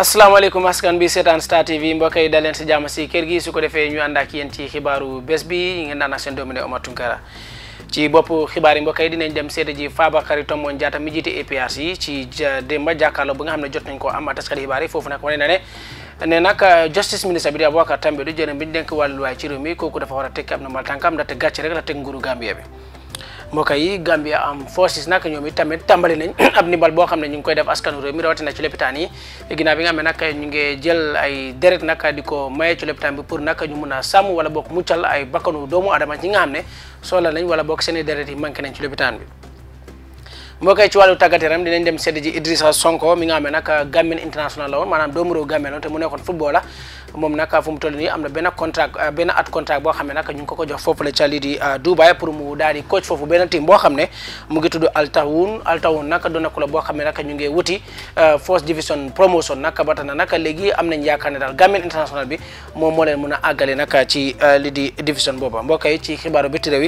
asalaamaaleykum askan bi seetaan Star TV mbokk yi daleen si jàmm si kër gi su ko defee ñu ànd ak yéen ci xibaaru bés bi ngeen daan ak seen doomu ne ci bopp xibaar yi mbokk yi dinañ dem seeta ji Fabakary Tombong Jatta mi jiite APRC yi ci démba jàkkaarloo ba nga xam ne jot nañ ko am taskat xibaar yi foofu nag wane na ne ne nag euh, justice minister bi di Aboubacar Tambadou jërëm bi ñu denk wàllu waay ci réew mi kooku dafa war a tekki ab na mal tànkam ndaxte gàcce rek la teg nguuru Gambia mbokk yi Gambia am forces nag ñoom it tamit tàmbali nañ ab ndimbal boo xam ne ñu ngi koy def askanu réew mi rawatina ci lopitaan yi ginnaaw bi nga xam ne nag ñu ngi jël ay deret nag di ko maye pour nag ñu mun a sàmm wala boog muccal ay bakkanu doomu adama ci nga xam ne soxla nañ wala bokk seen i deret yi manqué nañ ci lopitaan bi mboo koy ci wàllu tàggat yaram dinañ dem sedd ji Idrissa Sonko mi nga ne nag Gambian international la woon maanaam doomu réew Gambien la te mu nekkoon football la moom nag fu mu toll nii am na benn contrat euh, benn at contrat xam ne nag ñu ko ko jox foofu la ca lii euh, mu daal coach foofu benn team boo xam ne mu ngi tudd Al Tahwoun Al Tahwoun na ko xam ne nag ñu ngi wuti euh, first division promotion nag ba na nag léegi am nañ yaakaar ne daal Gambian international bi moom moo leen mun a àggale nag ci lii di division booba mbokk yi ci xibaaru bitti réew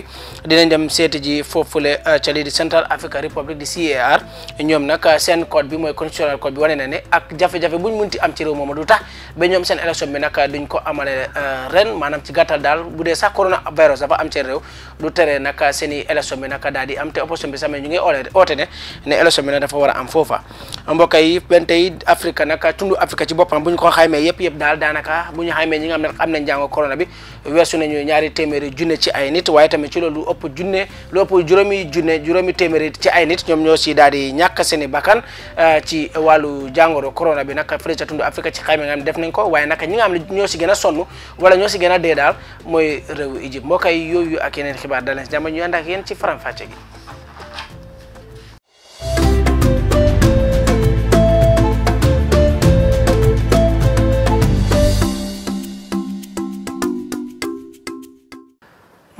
yi seeti ji foofule ca lii di Central Africa Republic di CAR ñoom nag seen code bi mooy constitutional code bi wane na ne ak jafe-jafe buñ munti am ci réew moom du tax ba ñoom seen mi nag duñ ko amale euh, ren maanaam ci gàttal daal bu dee sax coronavirus dafa am seen réew du tere nag seen i élection bi nag daal di am te opposition bi samay ñu ngi ole oote ne ne bi nag dafa war a am foofa mbokk yi benn tey Afrique nag tund Afrique ci boppam bu ñu ko xaymee yëpp yëpp daal daanaka bu ñu xaymee ñi nga xam ne am nañ jàngo corona bi weesu nañu ñaari téeméeri junne ci ay nit waaye tamit ci loolu lu ëpp junne lu ëpp juróomi junne juróomi téeméeri ci ay nit ñoom ñoo si daal di ñàkk seen i bakkan euh, ci wàllu jàngoro corona bi nag fële ca tund Afrique ci xayma nga xam def nañ ko waaye nag ñi nga xam ne ñoo ci gën a sonn wala ñoo si gën a dee daal mooy réewu Égypte mbokk yi yooyu ak yeneen xibaar daleen si jàmm ñu ànd ak yéen ci faram gi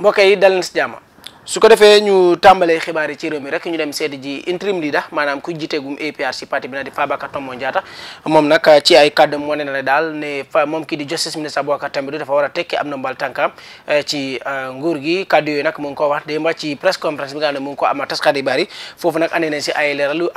mbokk yi dal leen si jàmm su ko defee ñu tàmbalee xibaar yi ci réew mi rek ñu dem seeti ji interim leader maanaam ku jiiteegum APRC ci parti bi na di Fabakary Tombong moom nag ci ay kàddam wane na daal ne fa moom kii di justice minister Boubacar Tambadou a tekki am na mbal tànkam eh, ci eh, nguur gi kàddu yooyu nag mu ngi ko wax démb ci press conference bi nga xam ne mu ngi ko amal taskat xibaar yi foofu nag andee nañ si ay leeral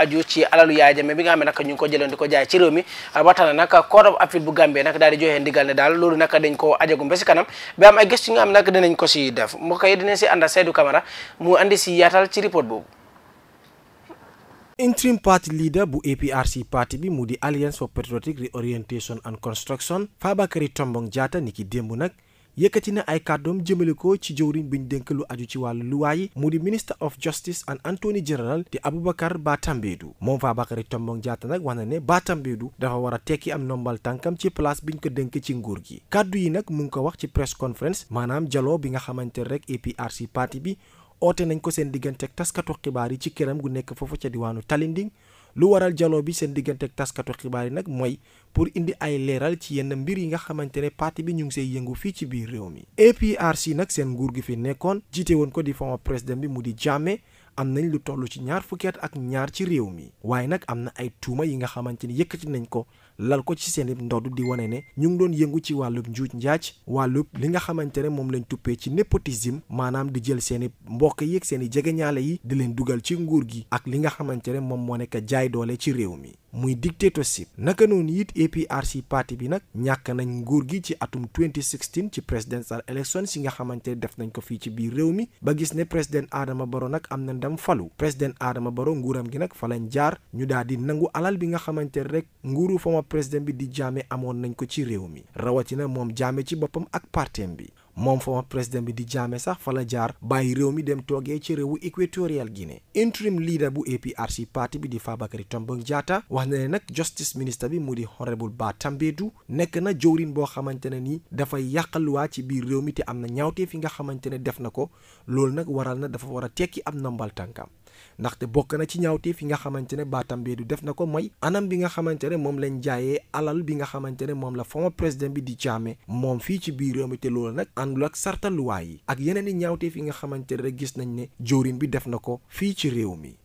alalu Yaya Jammeh bi nga xam ne nag ñu ngi ko jëloon ko jaay ci réew mi ba tax na nag of appeal bu Gambie nag daal di joxe ndigal ne daal loolu nag dañ ko ajagum ba si kanam bi am ay gëstu nga xam ko si def mbokk yi dinañ si ànd Seydou Camara mu andi si yaatal ci report boobu. interim party leader bu APRC parti bi mu di Alliance for Patriotic Reorientation and Construction Fabakary Tombong Jatta ni ki démb nag. yëkkati na ay kàddoom jëmale ko ci jëwriñ bi ñu dénk lu aju ci wàllu luwaa yi mu di minister of justice and attorney general di Aboubacar Batambedu moom Fabakary Tombong Jatta nag wax na ne Batambedu dafa war a tekki am ndombal tànkam ci bi ñu ko dénk ci nguur gi kàddu yi nag mu ngi ko wax ci press conference maanaam jaloo bi nga xamante rek APRC parti bi oote nañ ko seen diggante ak taskatu xibaar yi ci këram gu nekk foofu ca diwaanu Talinding lu waral jaloo bi seen diggante ak taskatu xibaar yi nag mooy pour indi ay leeral ci yenn mbir yi nga xamante ne parti bi ñu ngi say yëngu fii ci biir réew mi APRC nag seen nguur gi fi nekkoon jiite woon ko di former président bi mu di Jammeh am nañ lu toll ci ñaar fukket ak ñaar ci réew mi waaye nag am na ay tuuma yi nga xamante ni yëkkati nañ ko lal ko ci seen ndodd di wane ne ñu ngi doon yëngu ci wàllu njuuj njaaj wàllu li nga xamante ne moom lañ tuppe ci népotisme maanaam di jël seen i mbokk yeeg seen i jegeñaale yi di leen dugal ci nguur gi ak li nga xamante ne moom moo nekk jaay doole ci réew mi muy dictatorship naka noon it APRC parti bi nag ñàkk nañ nguur gi ci atum 2016 ci presidential election si nga xamante ne def nañ ko fii ci biir réew mi ba gis ne président Adama Barrow nag am na ndam falu président aadama Barrow nguuram gi nag fa jaar ñu daal di nangu alal bi nga xamante ne rek nguuru former président bi di jaame amoon nañ ko ci réew mi rawatina moom jaame ci boppam ak partem bi moom fa président bi di jaame sax fa la jaar bàyyi réew mi dem toogee ci réewu Equatorial Guinée interim leader bu APRC parti bi di Fabakary Tombong Jatta wax na ne nag justice minister bi mu di honorable Bah Tambadou nekk na jëwriñ boo xamante ne nii dafay yàq ci biir réew mi te am na ñaawtee fi nga xamante ne def na ko loolu nag waral na dafa war a tekki am ndombal tànkam ndaxte bokk na ci ñaawteef fi nga xamante ne Baatam du def na ko mooy anam bi nga xamante ne moom lañ jaayee alal bi nga xamante ne moom la former président bi di Jammeh moom fii ci biir réew mi te loolu nag àndul ak sartaluwaay yi ak yeneen i ñaawteef yi nga xamante ne rek gis nañ ne joorin bi def na ko fii ci réew mi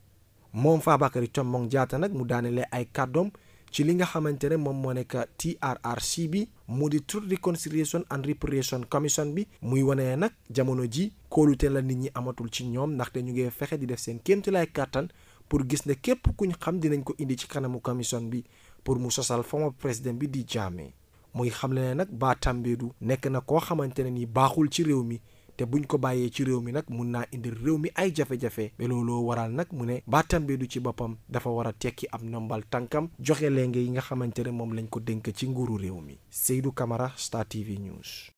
moom Fabakary Tombong jaata nag mu daanelee ay kàddoom ci li nga xamante ne moom moo nekk TRRC bi mu di Truth Reconciliation and Reparation Commission bi muy wane nag jamono ji kóolute la nit ñi amatul ci ñoom ndaxte ñu ngi fexe di def seen kéemtulaay kàttan pour gis ne képp kuñ xam dinañ ko indi ci kanamu commission bi pour mu sosal former président bi di Jammeh muy xamle ne nag Bah Tambadou nekk na koo xamante ne ni baaxul ci réew mi te buñ ko bàyyee ci réew mi nag mun naa indi réew mi ay jafe-jafe ba waral nag mu ne baatam bi du ci boppam dafa war a tekki ab nombal tànkam joxe lenge yi nga xamante ne moom lañ ko dénk ci nguuru réew mi Seydou Camara Star TV News.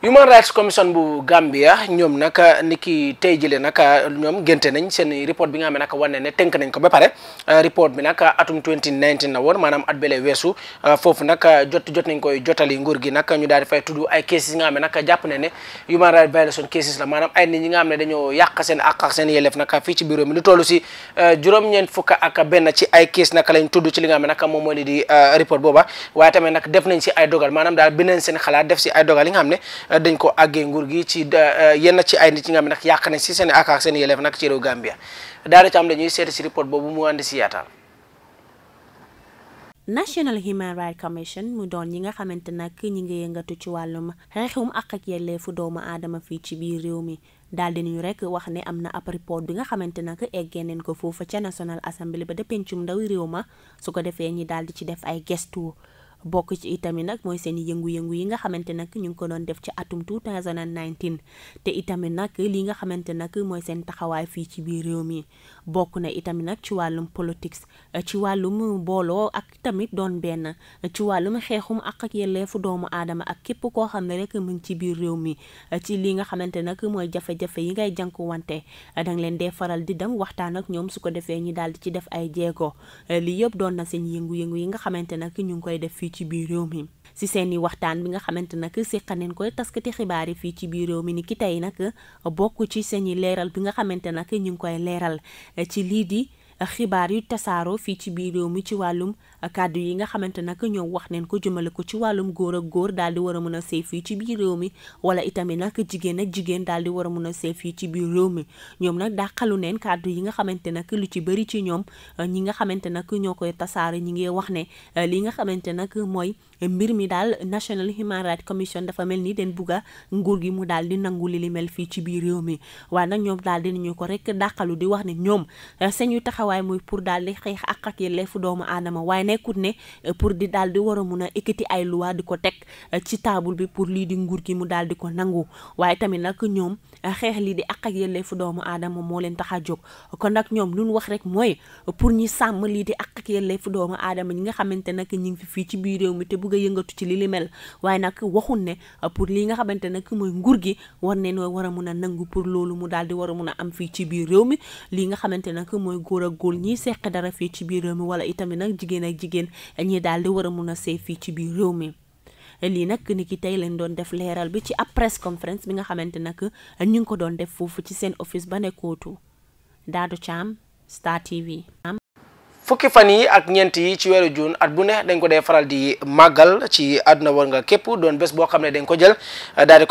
Human Rights Commission bu Gambia ñoom nag ni ki tey jëlee nag ñoom génte nañ seen report bi nga xam ne nag wane ne tënk nañ ko ba pare report bi nag atum 2019 na woon maanaam at bele weesu foofu nag jot jot nañ koy jotali nguur gi nag ñu daal di tudd ay cases yi nga xam jàpp ne ne human rights violation cases la maanaam ay nit ñi nga xam ne dañoo yàq seen àq ak seen yelleef fii ci bureau mi lu toll si eh, juróom-ñeent fukk ak benn ci ay case nag lañ tudd ci li nga xam ne nag moom moo di eh, report booba waaye tamit nag def nañ si ay dogal maanaam daal beneen seen xalaat si ay dogal yi nga xam ne dañ ko àggee nguur gi ci euh, euh, yenn ci ay nit ñi nga xam ne yàq nañ si seen ak ak yelleef nag ci réew Gambia daara ci am dañuy seeti si report boobu mu àndi si yaatal National Human Rights Commission mu doon ñi nga xamante nag ñi ngi yëngatu ci wàllum xeexum àq ak yelleefu doomu aadama fii ci biir réew mi daal di nañu rek wax ne am na ab report bi nga xamante nak eggee neen ko foofa ca National Assembly ba de pencum ndawi réew ma su ko defee ñi daal di ci def ay gestu bokk ci itamit nag mooy seen yëngu-yëngu yi nga xamante nag ñu ngi ko doon def ci atum 2019 te itamit nag li nga xamante nag mooy seen taxawaay fii ci biir réew mi bokk na itamit nag ci wàllum politique ci wàllum booloo ak tamit doon benn ci wàllum xeexum ak ak yelleefu doomu aadama ak képp koo xam ne rek mu ngi ci biir réew mi ci li nga xamante nag mooy jafe-jafe yi ngay jànkuwante wante nga leen dee faral di dem waxtaan ak ñoom su ko defee ñu daal di ci def ay jéego li yëpp doon na seen yëngu-yëngu yi nga xamante nag ñu ngi koy def fii fii ci biir réew mi si seeni waxtaan bi nga xamante nag séqa neen koy taskati xibaar yi fii ci biir réew mi ni ki tey nag bokk ci seeni leeral bi nga xamante nag ñu ngi koy leeral ci lii di xibaar yu tasaaroo fii ci biir réew mi ci wàllum kàddu yi nga xamante nag ñoom wax neen ko jëmale ko ci wàllum góor ak góor daal di war a mën a sëy fii ci biir réew mi wala itamit nag jigéen ak jigéen daal di war a mën a sëy fii ci biir réew mi ñoom nag dàqalu neen kàddu yi nga xamante nag lu ci bëri ci ñoom ñi nga xamante nag ñoo koy tasaare ñi ngi wax ne li nga xamante nag mooy mbir mi daal National Human Rights Commission dafa mel ni den bugga nguur gi mu daal di nangu li li mel fii ci biir réew mi waaye nag ñoom daal nañu ko rek dàqalu di wax ne ñoom sañu taxaw taxawaay muy pour daal di xeex ak ak yelleefu doomu aadama waaye nekkut ne euh, pour di daal di a mun a ekkati ay loi di ko teg euh, ci taabul bi pour lii di nguur gi mu daal di ko nangu waaye tamit nag ñoom euh, xeex lii di ak ak yelleefu doomu aadama moo leen tax a jóg kon nag ñoom lu ñu wax rek mooy pour ñi sàmm lii di ak ak yelleefu doomu aadama ñi nga xamante nag ñi ngi fi fii ci biir réew mi te bëgg a yëngatu ci li li mel waaye nag waxun ne pour li nga xamante nag mooy nguur gi war ne noo war mun a nangu pour loolu mu daal di war a mun a am fii ci biir réew mi li nga xamante nag mooy góor ak góor ñiy seq dara fii ci biir réew mi wala itamit nag jigéen ak jigéen ñi daal di war a mun a sëy fii ci biir réew mi. lii nag nit ki tey lañ doon def leeral bi ci ab press conference bi nga xamante nag ñu ngi ko doon def foofu ci seen office ba nekkootu daadu Thiam Star TV. fukki fan yi ak ñeent yi ci weeru juun at bu ne dañ ko dee faral di màggal ci àdduna war nga képp doon boo xam ne dañ ko jël uh, daal uh,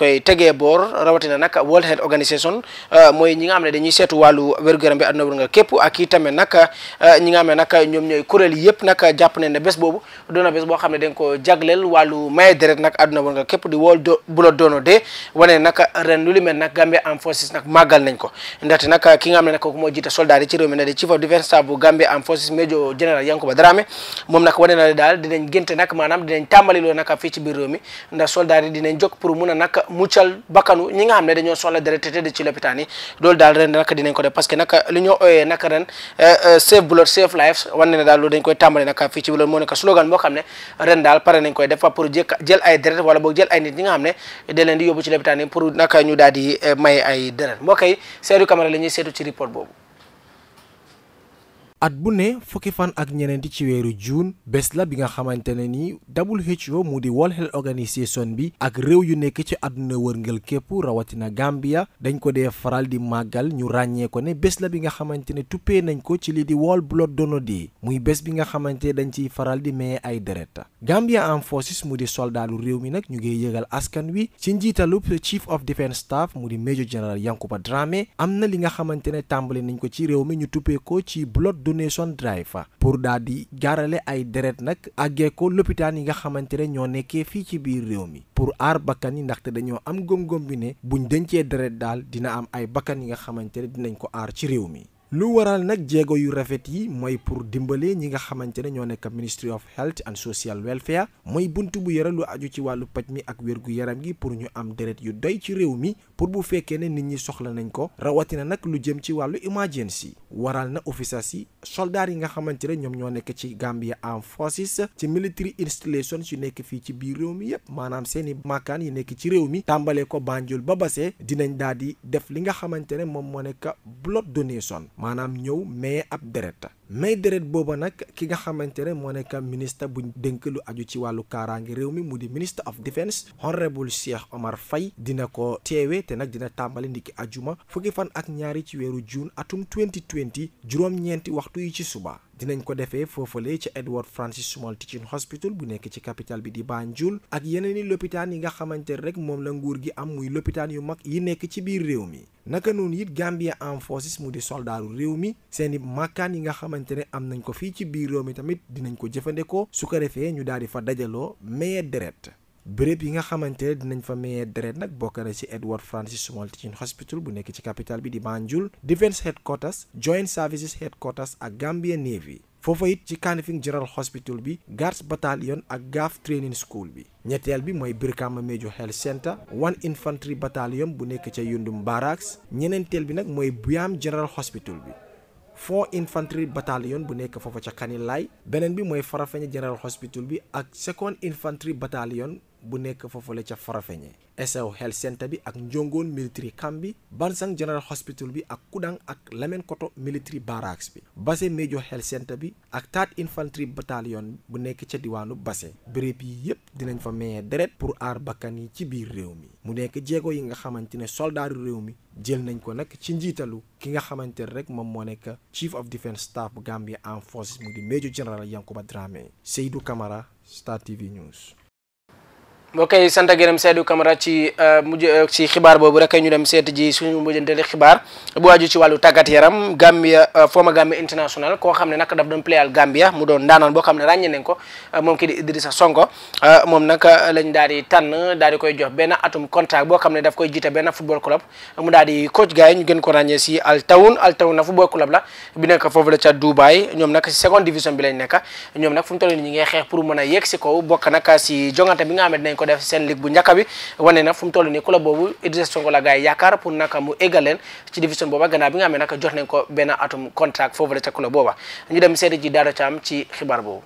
ñi nga xam ne dañuy seetu wàllu wér-gu-yaram bi àdduna war nga képp ak itamit nag uh, ñi nga ñooy kuréel yëpp nag jàpp ne ne bés boobu doon na bés ne dañ ko jagleel wàllu maye deret nag àdduna war nga képp di World Blood Donor Day wane nag ren lu li mel nag Gambia Forces nag màggal nañ ko ndaxte nag ki nga xam ne nag kooku moo jiite ci réew mi ne Chief of Defence Staff bu Gambia Armed Forces joo général Yankuba Dramé moom nag wane na le daal dinañ génte nag maanaam dinañ tàmbali loo nag fii ci biir réew mi ndax soldat yi dinañ jóg pour mun a nag muccal bakkanu ñi nga xam ne dañoo soxla deret te tëdd ci lopitaan yi loolu daal ren nag dinañ ko que nag li ñoo ooyee nag ren euh, euh, save blood na daal loolu dañ koy tàmbali nag fii ci biir moo nekk slogan boo xam ne ren daal pare nañ koy def pour jël ay deret wala boog jël ay nit ñi nga xam ne da leen di yóbbu ci lopitaan yi pour nag ñu daal di euh, may ay deret mbokk yi seetu ñuy seetu ci report at bu ne fukki fan ak ñeneenti ci weeru june bés la bi nga xamante ne ni WHO mu di World Health Organisation bi ak réew yu nekk ci àdduna wërngël képp rawatina Gambia dañ ko dee faral di màggal ñu ràññee ko ne bés la bi nga xamante ne tuppee nañ ko ci li di World Blood Donor Day muy bés bi nga xamante dañ ciy faral di maye ay deret Gambia Armed Forces mu di soldaalu réew mi nag ñu ngi yëgal askan wi ci njiitalu Chief of Defence Staff mu di Major General Yankuba Dramé am na li nga xamante ne tàmbali nañ ko ci réew mi ñu tuppee ko ci blood donation drive pour daal di jaarale ay deret nag àggee ko lopitaan yi nga xamante ne ñoo nekkee fii ci biir réew mi pour aar bakkan yi ndaxte dañoo am gëm-gëm bi ne buñ dencee deret daal dina am ay bakkan yi nga xamante ne dinañ ko aar ci réew mi lu waral nag jéego yu rafet yi mooy pour dimbale ñi nga xamante ne ñoo nekk Ministry of Health and Social Welfare mooy bunt bu yore lu aju ci wàllu paj mi ak wérgu yaram gi pour ñu am deret yu doy ci réew mi pour bu fekkee ne nit ñi soxla nañ ko rawatina nag lu jëm ci wàllu emergency waral na officers yi soldats yi nga xamante ne ñoom ñoo nekk ci Gambia Armed Forces ci military installations yu nekk fii ci biir réew mi yëpp maanaam seeni maakaan yi nekk ci réew mi tàmbalee ko Banjul ba Basse dinañ daal di def li nga xamante ne moom moo nekk blood donation maanaam ñëw maye ab deret may deret booba nag ki nga xamante ne moo nekk ministre bu dénk lu aju ci wàllu kaaraangi réew mi mu di ministre of defence honorable Cheikh Omar Faye dina ko teewe te nag dina tàmbali ndikki ndiki ajuma fukki fan ak ñaari ci weeru juin atum 2020 juróom-ñeenti waxtu yi ci suba dinañ ko defee foofale ci Edward Francis Small Teaching Hospital bu nekk ci capital bi di Banjul ak yeneen i lopitaan yi nga xamante rek moom la nguur gi am muy lopitaan yu mag yi nekk ci biir réew mi naka noonu it Gambia Armed Forces mu di soldaaru mi xamante ne am nañ ko fii ci biir réew mi tamit dinañ ko jëfandikoo su ko defee ñu daal di fa dajaloo maye deret béréb yi nga xamante ne dinañ fa maye deret nag bokk na ci Edward Francis Small Teaching Hospital bu nekk ci capital bi di Banjul Defence Headquarters Joint Services Headquarters ak Gambia Navy foofa it ci Kanifing General Hospital bi Guards Battalion ak Gaaf Training School bi ñetteel bi mooy Brikama Major Health Center One Infantry Battalion bu nekk ca Yundum Barracks ñeneenteel bi nag mooy Buyam General Hospital bi four infantry battalion bu nekk foofa ca Kanilaay beneen bi mooy Farafenni General Hospital bi ak second infantry battalion bu nekk foofule ca Farafeñe SAO Health Center bi ak Njongoon military camp bi Bansang General Hospital bi ak Kudang ak Lamen Koto military barracks bi Basse Major Health Center bi ak Third Infantry Battalion bu nekk ca diwaanu Basse béréb yi yépp dinañ fa maye deret pour aar bakkan yi ci biir réew mi mu nekk jéego yi nga xamante ne soldaaru réew mi jël nañ ko nag ci njiitalu ki nga xamante ne rek moom moo nekk Chief of Defence Staff bu Gambia Armed Forces mu di Major General Yankuba Dramé Camara Star TV News ok sant ak yéen Seydou Camara ci euh, mujj euh, ci xibaar boobu rek ñu dem seet ji suñu mujjanteel xibaar bu waaju ci wàllu tàggat yaram Gambia euh, former Gambia international koo xam ne nag daf doon playal Gambia mu doon ndaanaan boo xam ne ràññee nañ ko moom kii di moom nag lañ daal di tànn daal di koy jox benn atum contrat boo xam ne daf koy jiite benn football club mu daal ko ràññee si Al na football la bi nekk foofu la ca Dubai ñoom nag si seconde division bi lañ nekk ñoom nag fu mu toll nii ñu ngi xeex pour mën a yegg si kaw bokk nag si jongante bi nga xam ne ko def seen ligue bu njëkk bi wane na fu mu club boobu Idrissa Sonko la gars yi pour naka mu égal leen ci division booba gannaaw bi nga xam naka jox nañ ko benn atum contract foofu la ca club booba ñu dem seeti ji Dado Thiam ci xibaar boobu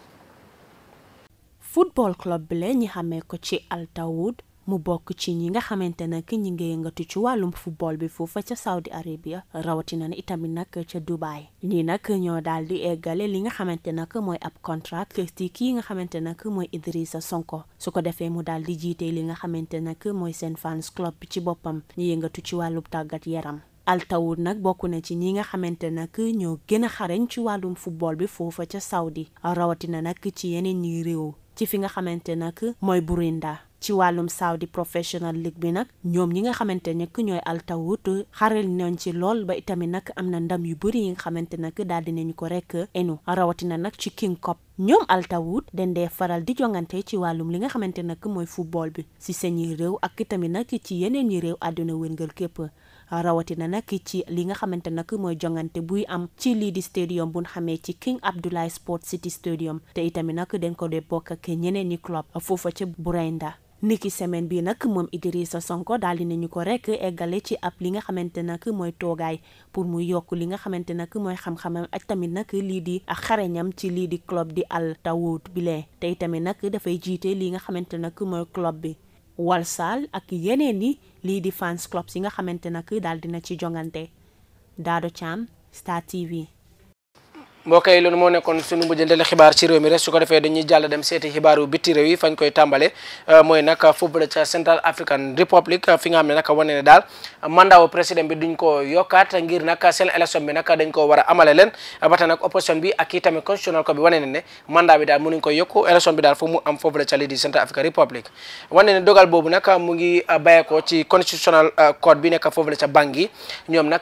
football club bi ñi xamee ko ci Altawood mu bokk ci ñi nga xamante nag ñi ngi yëngatu ci wàllum football bi foofa ca Saudi Arabia rawatina na itamit nag ca Dubai ñii nag ñoo daal di eggale li nga xamante nag mooy ab contrat ci kii nga xamante nag mooy Idrissa Sonko su ko defee mu daal di jiite li nga xamante nag mooy seen fans club ci boppam ñi yëngatu ci wàllum tàggat yaram altawut nag bokk na ci ñi nga xamante nag ñoo gën a xarañ ci wàllum football bi foofa ca Saudi rawatina nag ci yeneen ñi réew ci fi nga xamante nag mooy Burinda ci wàllum Saudi Professional League bi nag ñoom ñi nga xamante ne ñooy Al Tawut xaral nañ ci lool ba itamit nag am na ndam yu bëri yi nga xamante nag daal dinañu ko rek enu rawatina nag ci King Cup ñoom Al Tawut dendee faral di jongante ci wàllum li nga xamante nag mooy football bi si seeni réew ak itamit nag ci yeneen yi réew àdduna wërngal képp rawatina nag ci li nga xamante nag mooy jongante buy am ci lii di stadium bu ñu xamee ci King Abdullah Sport City Stadium te itamit nag dañ ko dee bokk ak ñeneen ñi club foofa ca Buraynda niki semaine bi nag moom Idrissa Sonko daal di nañu ko rek eggale ci ab li nga xamante nag mooy toogaay pour mu yokk li nga xamante nag mooy xam-xamam ak tamit nag lii di xarañam ci lii di club di Al Tawud bile tey tamit nag dafay jiite li nga xamante nag mooy club bi walsal ak yeneen yi lii di fans club yi nga xamante nak daal na ci jongante Dado Thiam Star TV mbokk yi loolu moo nekkoon sunu mujjëndale xibaar ci réew mi rek su ko defee dañuy jàll dem seeti xibaaru bitti réew yi fañ koy tàmbale euh, mooy nag football ca Central African Republic fi nga xam wane ne daal mandat wu président bi duñ ko yokkaat ngir nag seen élection bi nag dañ ko amale leen ba tax opposition bi ak i constitutional ko bi wane ne ko bi daal fu mu am foofule ca lii di Central dogal boobu nag mu ngi bàyyeekoo ci constitutional euh, code bi nekk foofule ca Bangui ñoom nag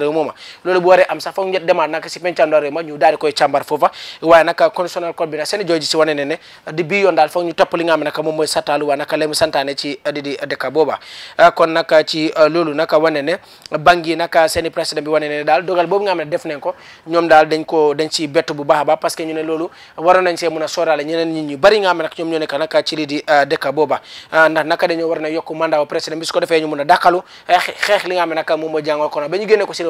réew mooma loolu bu waree am sax foog demaat nag si pencandoo réew ma ñu daal koy càmbar foofa waaye nag constitutionnel code bi nag si wane ne ne daal ah, ah, i président bi wane dogal boobu nga xam def nañ ko ñoom daal dañ ko dañ ci bett bu baax a parce que ñu ne loolu waroon see mën a sóoraale ñeneen nit ñu bari nga xam ñoom ñoo nekk nag ci lii di ah, booba ndax naka dañoo war na yokk mandat président bi su ko defee ñu mën a dàqalu xeex li nga xam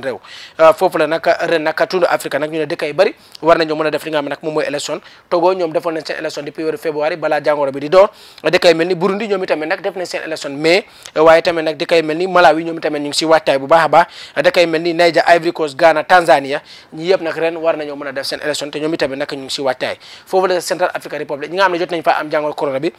seen réew euh, foofu la nag ren nag tund Afrique nag ñu ne dëkk yu bëri war nañoo mën a def li nga xam ne nag moom mooy élection Togo ñoom defoon nañ seen élection depuis weeru février balaa jàngoro bi di door dëkk yu mel ni Burundi ñoom itamit nag def nañ seen élection mais waaye tamit nag dëkk yu mel ni Malawi ñoom itamit ñu ngi si waajtaay bu baax a baax dëkk yu mel ni Niger Ivory Coast Ghana Tanzania ñi yëpp nag ren war nañoo mën a def seen élection te ñoom itamit nag ñu ngi si waajtaay foofu la Central African Republic ñi nga xam ne jot nañ fa am jàngoro corona bi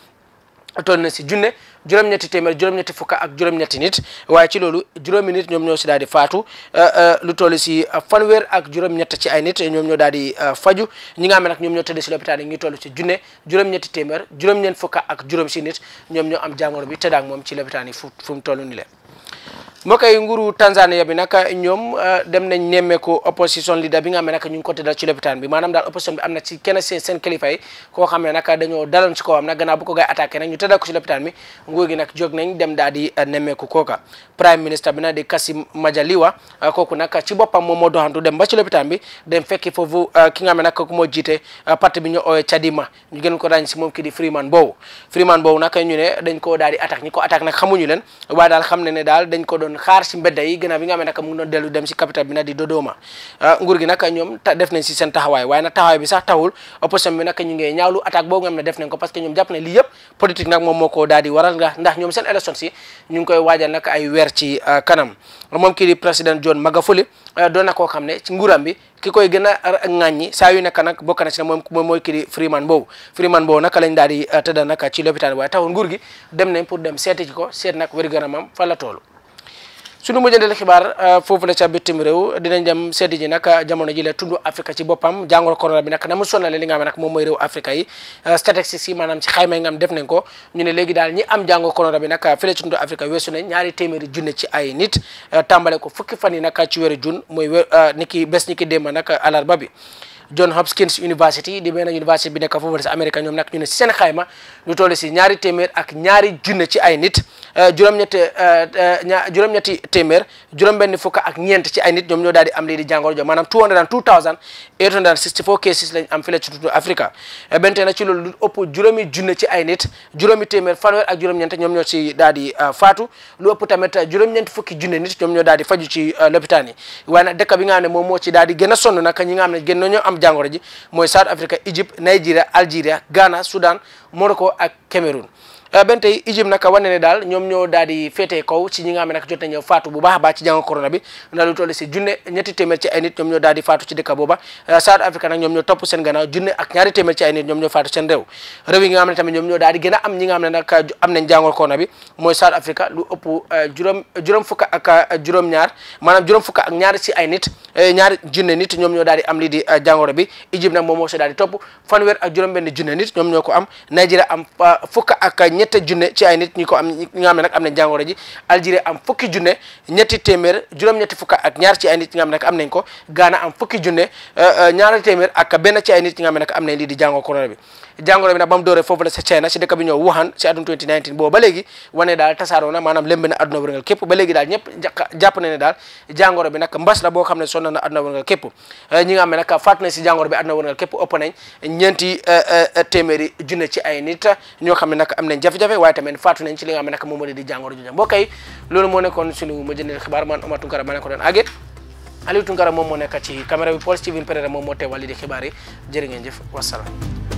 toll na si junne juróom-ñetti téeméer juróom-ñetti fukk ak juróom-ñetti nit waaye ci loolu juróomi nit ñoom ñoo si daal di faatu euh, euh, lu toll si euh, fanweer ak juróom-ñett ci ay nit ñoom ñoo daal di faju ñi nga xam ne ñoom ñoo tëdd si lopitaan yi ngi toll si junne juróom-ñetti téeméer juróom-ñeent fukk ak juróom si nit ñoom ñoo am jàngoro bi tëdd ak moom ci lopitaan yi fu fu mu toll ni le mbokk yi nguuru Tanzania bi nag ñoom euh, dem nemmeeku opposition leader bi nga xam ne nag ko tëddal ci lopitaan bi maanaam daal opposition bi am na ci kenn bu ko gay attaqué nag ñu tëddal ci lopitaan bi nguur gi nag jóg nañ dem daal euh, nemmeeku kooka prime minister bi nag euh, moo doxantu dem ba ci lopitaan bi dem fekki foofu ki nga xam ne nag kooku moo bi ñu ooyee Chadema ñu gën ko daañ si moom kii di Freeman Mbowe Freeman Mbowe nag ñu ne dañ koo attaque ñi ko attaque doon xaar si mbedda yi gannaaw bi nga xam ne dellu dem si capital bi nag di Dodoma ah, nguur gi ñoom def si seen taxawaay waaye nag taxawaay opposition bi nag ñu ngi ñaawlu attaque boobu nga xam ko parce que ñoom jàpp ne lii yëpp politique moom moo di waral ah, John Magafuli ah, doon na koo ne ci nguuram ki koy gën a ŋàññi saa yu nekk nag bokk na si ne moom mooy kii di Freeman boobu Freeman boobu nag lañ daal di tëdda ci l'hôpital waaye taxul nguur dem nañ pour suñu mujjandeel xibaar euh, foofu la ca bitim réew dinañ dem seddi ji nag euh, jamono ji la tund Afrique ci boppam jàngoro corona bi nag na mu sonale li nga xam nag moom mooy réew Afrique yi euh, statistiques yi maanaam ci xayma yi am def nañ ko ñu ne léegi daal ñi am jàngoro bi nag fële ci tund Afrique weesu nañ ñaari téeméeri junne ci ay nit tàmbale ko fukki fan yi nag ci weeru jun mooy wé ni ki bés ni ki démb nag alarba bi John Hopkins University di benn université bi nekk foofu la si Amérique ñoom nag ñu ne si seen ñu toll si ñaari téeméer ak ñaari junne ci ay nit Euh, juróom-ñetti euh, euh, ña juróom-ñetti téeméer juróom-benn fukk ak ñeent ci ay nit ñoom ñoo daal di am lii di jàngoro jo maanaam 2864 cases lañ am fii la ci tuuti Afrika benn tey nag ay nit juróomi téeméer fanweer ak juróom-ñeent ñoom ñoo ci daal di faatu lu ëpp ñeent fukki junne nit ñoom ñoo daal di faju ci lopitaan yi waaye nag dëkk bi ne moom moo ci daal di gën a sonn nag ñi nga ne gën nañoo am jàngoro ji mooy South Africa Égypte Nigeria Algeria Ghana Soudan Morocco ak Cameroun Euh, benn tey IGM nag wane ne daal ñoom ñoo daal di féetee kaw ci ñi nga xam ne nag faatu bu baax a baax ci jàngoro corona bi ndax lu toll si junne nit ñoom ñoo daal di faatu ci dëkk booba euh, South Africa nag ñoom a am ñi nga xam ne am nañ jàngoro corona bi mooy South Africa lu ëpp euh, juróom juróom fukk ak juróom ñaar maanaam juróom fukk ak ay nit ñaari junne nit am lii di bi IGM nag moom moo si daal fanweer ak ñette junne ci ay nit ñi ko am ñi nga xam nag am nañ jàngoro ji Algérie am fukki junne ñetti téeméer juróom fukk ak ñaar ci ay nit ñi nga nag am nañ ko gaana am fukki junne euh, euh, ñaari téeméer ak benn ci ay nit ñi nga am nañ lii di jàngoo corona bi jàngoro bi nag ba mu dooree foofu la sa China si dëkk bi ñëw Wuhan si atum 2019 boobu ba léegi na maanaam lëmb na adduna wërngal képp ba jàpp na ne daal jàngoro mbas la boo xam ne sonn na adduna wërngal képp eh, ñi nga xam ne nag faat nañ si jàngoro bi adduna wërngal képp ëpp nañ ñeenti eh, eh, téeméeri junne ci ay nit ñoo xam ne nag am nañ jafe-jafe waaye tamit faatu nañ ci li nga xam ne nag moom moo di jàngoro jooju mbokk yi loolu moo nekkoon suñu ma jëndee xibaar man Omar Tunkara ma ne ko doon àggee Aliou Tunkara moo nekk ci caméra bi Paul Steven Pereira moom moo teewal li di xibaar yi jërë ngeen